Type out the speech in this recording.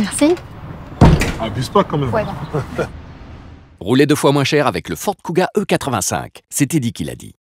merci. Abuse pas quand même. Roulez deux fois moins cher avec le Ford Kuga E85. C'était dit qu'il a dit.